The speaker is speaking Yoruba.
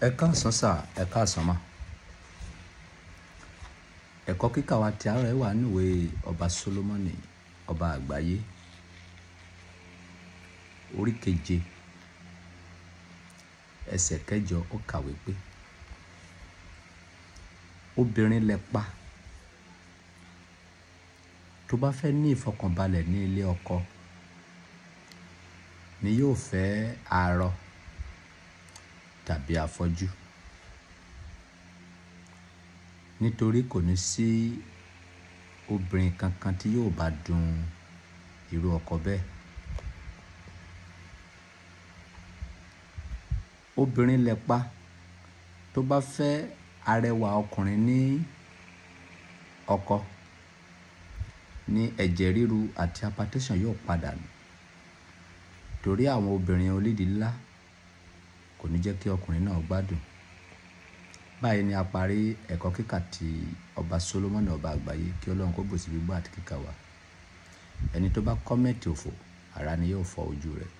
ẹ káàsán sà ẹ káàsán mà ẹ̀kọ́ kíkà wa ti àárọ̀ ẹ̀ wà níwèé ọba Sólómọ́nì ọba àgbáyé orí keje ẹsẹ̀ kẹjọ ó kàwé pé obìnrin lẹ pa tó bá fẹ́ ní ìfọkànbalẹ̀ ní ilé ọkọ ni yóò fẹ́ àárọ̀ tàbí afọ́jú. Nítorí kò ní sí obìnrin kankan tí yóò bá dun irú ọkọ bẹ́ẹ̀. Obìnrin lẹ́pa tó bá fẹ́ arẹwà ọkùnrin ní ọkọ ní ẹ̀jẹ̀ ríru àti hypertension yóò padà Torí àwọn obìnrin onídìrí ńlá kò ní jẹ́ kí ọkùnrin náà gbádùn. Báyìí ni a parí ẹ̀kọ́ kíkà ti Ọba Solomoni Ọba àgbáyé kí Ọlọ́run kó bùsí gbígbọ́ àti kíkà wa. Ẹni tó bá kọ́mẹ́ǹtì òfò, ara ni yóò fọ́ ojú rẹ̀.